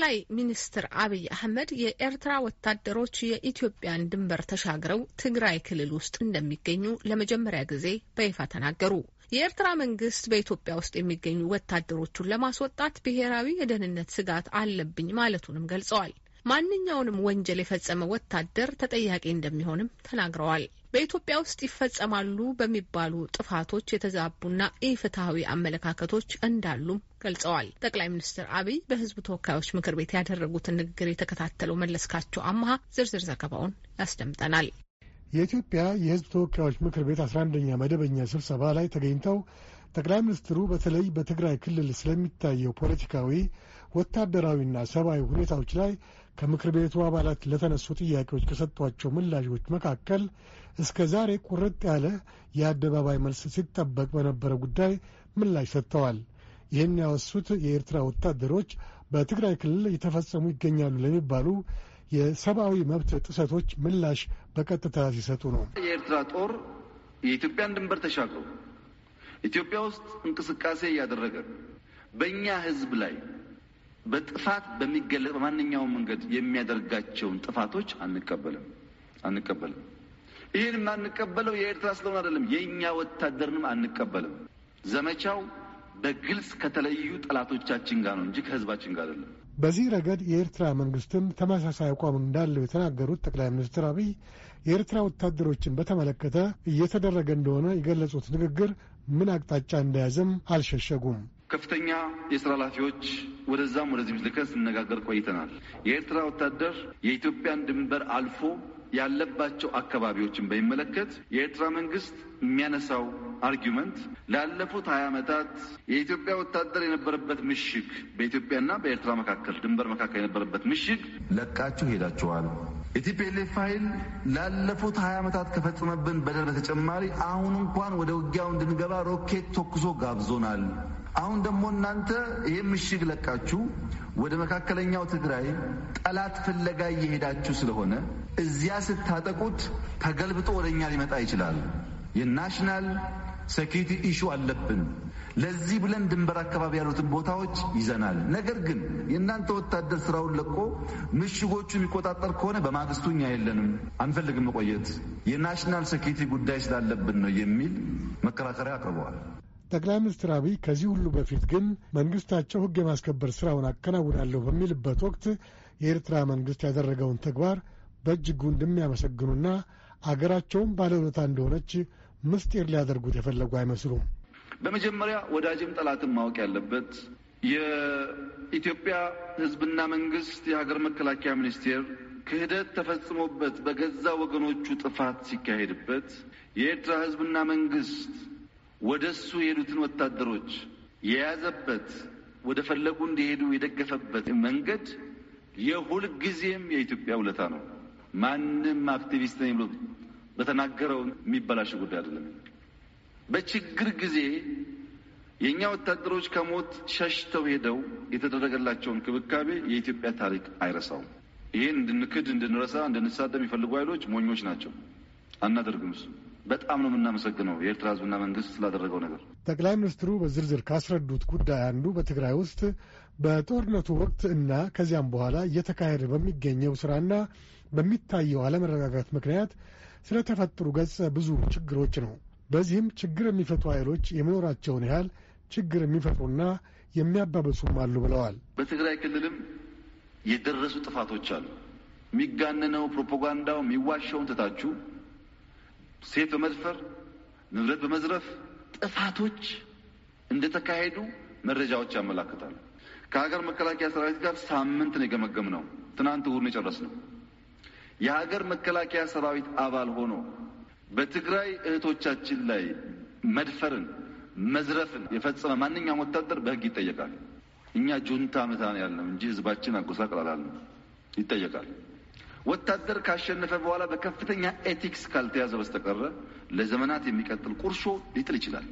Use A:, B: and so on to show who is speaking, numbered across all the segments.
A: ጠቅላይ ሚኒስትር አብይ አህመድ የኤርትራ ወታደሮች የኢትዮጵያን ድንበር ተሻግረው ትግራይ ክልል ውስጥ እንደሚገኙ ለመጀመሪያ ጊዜ በይፋ ተናገሩ። የኤርትራ መንግስት በኢትዮጵያ ውስጥ የሚገኙ ወታደሮቹን ለማስወጣት ብሔራዊ የደህንነት ስጋት አለብኝ ማለቱንም ገልጸዋል። ማንኛውንም ወንጀል የፈጸመ ወታደር ተጠያቂ እንደሚሆንም ተናግረዋል። በኢትዮጵያ ውስጥ ይፈጸማሉ በሚባሉ ጥፋቶች የተዛቡና ኢፍትሐዊ አመለካከቶች እንዳሉም ገልጸዋል። ጠቅላይ ሚኒስትር አብይ በህዝብ ተወካዮች ምክር ቤት ያደረጉትን ንግግር የተከታተለው መለስካቸው አማሃ ዝርዝር ዘገባውን ያስደምጠናል። የኢትዮጵያ የሕዝብ ተወካዮች ምክር ቤት አስራ አንደኛ መደበኛ ስብሰባ ላይ ተገኝተው ጠቅላይ ሚኒስትሩ በተለይ በትግራይ ክልል ስለሚታየው ፖለቲካዊ፣ ወታደራዊና ሰብአዊ ሁኔታዎች ላይ ከምክር ቤቱ አባላት ለተነሱ ጥያቄዎች ከሰጧቸው ምላሾች መካከል እስከ ዛሬ ቁርጥ ያለ የአደባባይ መልስ ሲጠበቅ በነበረ ጉዳይ ምላሽ ሰጥተዋል። ይህን ያወሱት የኤርትራ ወታደሮች በትግራይ ክልል እየተፈጸሙ ይገኛሉ ለሚባሉ የሰብአዊ መብት ጥሰቶች ምላሽ በቀጥታ ሲሰጡ ነው።
B: የኤርትራ ጦር የኢትዮጵያን ድንበር ተሻግሮ ኢትዮጵያ ውስጥ እንቅስቃሴ እያደረገ በእኛ ህዝብ ላይ በጥፋት በሚገለጽ በማንኛውም መንገድ የሚያደርጋቸውን ጥፋቶች አንቀበልም አንቀበልም። ይህን የማንቀበለው የኤርትራ ስለሆነ አይደለም፣ የእኛ ወታደርንም አንቀበልም። ዘመቻው በግልጽ ከተለዩ ጠላቶቻችን ጋር ነው እንጂ ከህዝባችን ጋር አይደለም።
A: በዚህ ረገድ የኤርትራ መንግስትም ተመሳሳይ አቋም እንዳለው የተናገሩት ጠቅላይ ሚኒስትር አብይ የኤርትራ ወታደሮችን በተመለከተ እየተደረገ እንደሆነ የገለጹት ንግግር ምን አቅጣጫ እንደያዘም አልሸሸጉም።
B: ከፍተኛ የስራ ኃላፊዎች ወደዛም ወደዚህ ልከን ስነጋገር ቆይተናል። የኤርትራ ወታደር የኢትዮጵያን ድንበር አልፎ ያለባቸው አካባቢዎችን በሚመለከት የኤርትራ መንግስት የሚያነሳው አርጊመንት ላለፉት ሀያ ዓመታት የኢትዮጵያ ወታደር የነበረበት ምሽግ በኢትዮጵያና በኤርትራ መካከል ድንበር መካከል የነበረበት ምሽግ ለቃችሁ ሄዳችኋል። የቲፒኤልኤፍ ኃይል ላለፉት ሀያ ዓመታት ከፈጸመብን በደል በተጨማሪ አሁን እንኳን ወደ ውጊያው እንድንገባ ሮኬት ተኩሶ ጋብዞናል። አሁን ደግሞ እናንተ ይህ ምሽግ ለቃችሁ ወደ መካከለኛው ትግራይ ጠላት ፍለጋ እየሄዳችሁ ስለሆነ እዚያ ስታጠቁት ተገልብጦ ወደ እኛ ሊመጣ ይችላል። የናሽናል ሴኪሪቲ ኢሹ አለብን። ለዚህ ብለን ድንበር አካባቢ ያሉትን ቦታዎች ይዘናል። ነገር ግን የእናንተ ወታደር ስራውን ለቆ ምሽጎቹ የሚቆጣጠር ከሆነ በማግስቱ እኛ የለንም፣ አንፈልግም መቆየት የናሽናል ሴኪሪቲ ጉዳይ ስላለብን ነው የሚል መከራከሪያ አቅርበዋል።
A: ጠቅላይ ሚኒስትር አብይ ከዚህ ሁሉ በፊት ግን መንግስታቸው ህግ የማስከበር ስራውን አከናውናለሁ በሚልበት ወቅት የኤርትራ መንግስት ያደረገውን ተግባር በእጅጉ እንደሚያመሰግኑና አገራቸውም ባለውለታ እንደሆነች ምስጢር ሊያደርጉት የፈለጉ አይመስሉም።
B: በመጀመሪያ ወዳጅም ጠላትም ማወቅ ያለበት የኢትዮጵያ ህዝብና መንግስት የሀገር መከላከያ ሚኒስቴር ክህደት ተፈጽሞበት በገዛ ወገኖቹ ጥፋት ሲካሄድበት የኤርትራ ህዝብና መንግስት ወደ እሱ የሄዱትን ወታደሮች የያዘበት ወደ ፈለጉ እንዲሄዱ የደገፈበት መንገድ የሁልጊዜም የኢትዮጵያ ውለታ ነው። ማንም አክቲቪስት ነኝ ብሎ በተናገረው የሚበላሽ ጉዳይ አይደለም። በችግር ጊዜ የእኛ ወታደሮች ከሞት ሸሽተው ሄደው የተደረገላቸውን ክብካቤ የኢትዮጵያ ታሪክ አይረሳውም። ይህን እንድንክድ፣ እንድንረሳ፣ እንድንሳደብ የሚፈልጉ ኃይሎች ሞኞች ናቸው። አናደርግም እሱ በጣም ነው የምናመሰግነው የኤርትራ ህዝብና መንግስት ስላደረገው ነገር።
A: ጠቅላይ ሚኒስትሩ በዝርዝር ካስረዱት ጉዳይ አንዱ በትግራይ ውስጥ በጦርነቱ ወቅት እና ከዚያም በኋላ እየተካሄደ በሚገኘው ስራና በሚታየው አለመረጋጋት ምክንያት ስለተፈጠሩ ገጸ ብዙ ችግሮች ነው። በዚህም ችግር የሚፈቱ ኃይሎች የመኖራቸውን ያህል ችግር የሚፈጥሩና የሚያባበሱም አሉ ብለዋል።
B: በትግራይ ክልልም የደረሱ ጥፋቶች አሉ። የሚጋነነው ፕሮፓጋንዳው የሚዋሻውን ትታችሁ ሴት በመድፈር ንብረት በመዝረፍ ጥፋቶች እንደተካሄዱ መረጃዎች ያመላክታሉ። ከሀገር መከላከያ ሰራዊት ጋር ሳምንት ነው የገመገም ነው። ትናንት እሁድ ነው የጨረስ ነው። የሀገር መከላከያ ሰራዊት አባል ሆኖ በትግራይ እህቶቻችን ላይ መድፈርን፣ መዝረፍን የፈጸመ ማንኛውም ወታደር በህግ ይጠየቃል። እኛ ጁንታ ምታ ነው ያለው እንጂ ህዝባችን አጎሳቅላላል ይጠየቃል። ወታደር ካሸነፈ በኋላ በከፍተኛ ኤቲክስ ካልተያዘ በስተቀረ ለዘመናት የሚቀጥል ቁርሾ ሊጥል ይችላል።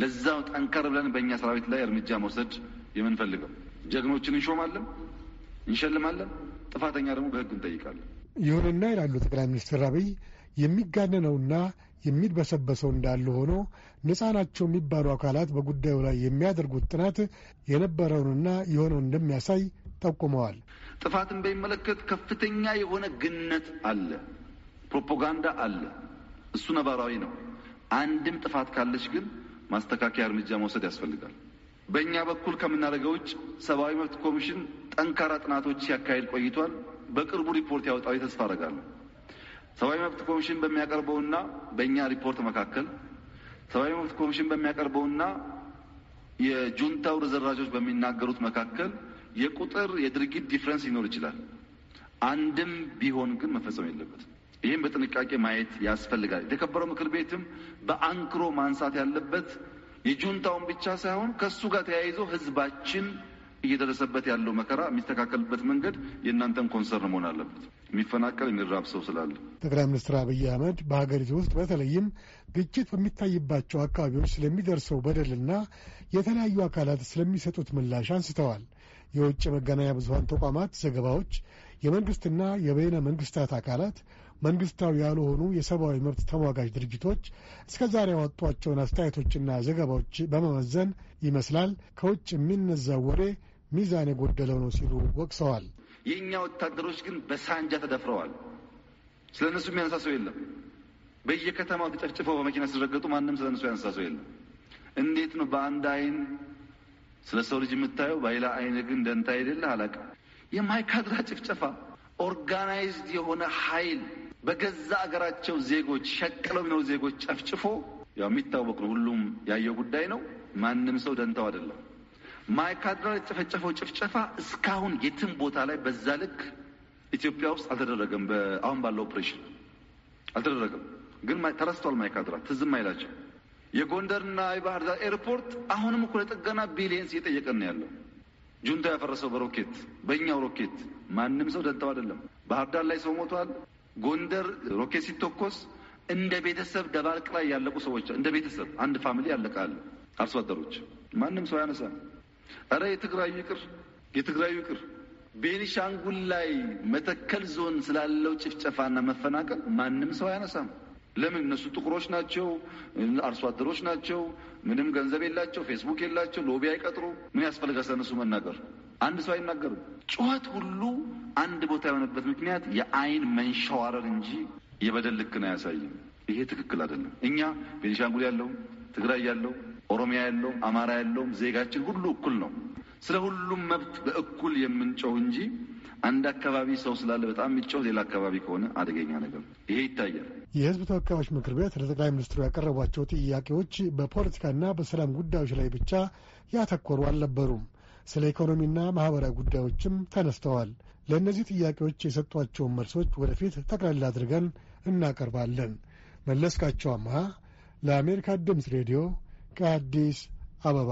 B: ለዛው ጠንከር ብለን በእኛ ሰራዊት ላይ እርምጃ መውሰድ የምንፈልገው ጀግኖችን እንሾማለን፣ እንሸልማለን። ጥፋተኛ ደግሞ በህግ እንጠይቃለን።
A: ይሁንና ይላሉ ጠቅላይ ሚኒስትር አብይ የሚጋነነውና የሚድበሰበሰው እንዳለ ሆኖ ነፃ ናቸው የሚባሉ አካላት በጉዳዩ ላይ የሚያደርጉት ጥናት የነበረውንና የሆነውን እንደሚያሳይ ጠቁመዋል።
B: ጥፋትን በሚመለከት ከፍተኛ የሆነ ግነት አለ፣ ፕሮፓጋንዳ አለ። እሱ ነባራዊ ነው። አንድም ጥፋት ካለች ግን ማስተካከያ እርምጃ መውሰድ ያስፈልጋል። በእኛ በኩል ከምናደርገው ውጭ ሰብአዊ መብት ኮሚሽን ጠንካራ ጥናቶች ሲያካሄድ ቆይቷል። በቅርቡ ሪፖርት ያወጣዊ ተስፋ አደርጋለሁ። ሰብአዊ መብት ኮሚሽን በሚያቀርበውና በእኛ ሪፖርት መካከል ሰብአዊ መብት ኮሚሽን በሚያቀርበውና የጁንታው ርዘራጆች በሚናገሩት መካከል የቁጥር የድርጊት ዲፍረንስ ሊኖር ይችላል። አንድም ቢሆን ግን መፈጸም የለበትም። ይህም በጥንቃቄ ማየት ያስፈልጋል። የተከበረው ምክር ቤትም በአንክሮ ማንሳት ያለበት የጁንታውን ብቻ ሳይሆን ከሱ ጋር ተያይዞ ህዝባችን እየደረሰበት ያለው መከራ የሚስተካከልበት መንገድ የእናንተን ኮንሰርን መሆን አለበት። የሚፈናቀል የሚራብ ሰው ስላለ
A: ጠቅላይ ሚኒስትር አብይ አህመድ በሀገሪቱ ውስጥ በተለይም ግጭት በሚታይባቸው አካባቢዎች ስለሚደርሰው በደልና የተለያዩ አካላት ስለሚሰጡት ምላሽ አንስተዋል። የውጭ መገናኛ ብዙሀን ተቋማት ዘገባዎች፣ የመንግስትና የበይነ መንግስታት አካላት፣ መንግስታዊ ያልሆኑ የሰብአዊ መብት ተሟጋጅ ድርጅቶች እስከ ዛሬ ያወጧቸውን አስተያየቶችና ዘገባዎች በመመዘን ይመስላል ከውጭ የሚነዛው ወሬ ሚዛን የጎደለው ነው ሲሉ ወቅሰዋል።
B: የእኛ ወታደሮች ግን በሳንጃ ተደፍረዋል። ስለ እነሱ የሚያነሳ ሰው የለም። በየከተማው ተጨፍጭፈው በመኪና ሲረገጡ ማንም ስለ እነሱ ያነሳ ሰው የለም። እንዴት ነው በአንድ አይን ስለ ሰው ልጅ የምታየው በሌላ አይነ ግን ደንታ አይደለ አላቀ የማይካድራ ጭፍጨፋ ኦርጋናይዝድ የሆነ ኃይል በገዛ አገራቸው ዜጎች ሸቅለው ነው ዜጎች ጨፍጭፎ ያው የሚታወቅ ነው። ሁሉም ያየው ጉዳይ ነው። ማንም ሰው ደንታው አይደለም። ማይካድራ የተጨፈጨፈው ጭፍጨፋ እስካሁን የትም ቦታ ላይ በዛ ልክ ኢትዮጵያ ውስጥ አልተደረገም። አሁን ባለው ኦፕሬሽን አልተደረገም፣ ግን ተረስቷል። ማይካድራ ትዝም አይላቸው የጎንደርና የባህር ዳር ኤርፖርት አሁንም እኮ ለጥገና ቢሊየንስ እየጠየቀ ነው ያለው። ጁንታ ያፈረሰው በሮኬት በእኛው ሮኬት ማንም ሰው ደንተው አይደለም። ባህር ዳር ላይ ሰው ሞቷል። ጎንደር ሮኬት ሲተኮስ እንደ ቤተሰብ ደባርቅ ላይ ያለቁ ሰዎች እንደ ቤተሰብ አንድ ፋሚሊ ያለቃል። አርሶ አደሮች ማንም ሰው ያነሳ። እረ የትግራዩ ይቅር፣ የትግራዩ ይቅር። ቤኒሻንጉል ላይ መተከል ዞን ስላለው ጭፍጨፋና መፈናቀል ማንም ሰው አያነሳም። ለምን እነሱ ጥቁሮች ናቸው፣ አርሶ አደሮች ናቸው፣ ምንም ገንዘብ የላቸው፣ ፌስቡክ የላቸው፣ ሎቢ አይቀጥሩ። ምን ያስፈልጋል ስለነሱ መናገር? አንድ ሰው አይናገርም። ጩኸት ሁሉ አንድ ቦታ የሆነበት ምክንያት የአይን መንሸዋረር እንጂ የበደል ልክን አያሳይም። ይሄ ትክክል አይደለም። እኛ ቤኒሻንጉል ያለው፣ ትግራይ ያለው፣ ኦሮሚያ ያለው፣ አማራ ያለውም ዜጋችን ሁሉ እኩል ነው። ስለ ሁሉም መብት በእኩል የምንጨው እንጂ አንድ አካባቢ ሰው ስላለ በጣም የሚጮህ ሌላ አካባቢ ከሆነ አደገኛ ነገር ይሄ ይታያል።
A: የህዝብ ተወካዮች ምክር ቤት ለጠቅላይ ሚኒስትሩ ያቀረቧቸው ጥያቄዎች በፖለቲካና በሰላም ጉዳዮች ላይ ብቻ ያተኮሩ አልነበሩም። ስለ ኢኮኖሚና ማህበራዊ ጉዳዮችም ተነስተዋል። ለእነዚህ ጥያቄዎች የሰጧቸውን መልሶች ወደፊት ጠቅላላ አድርገን እናቀርባለን። መለስካቸው አምሃ ለአሜሪካ ድምፅ ሬዲዮ ከአዲስ አበባ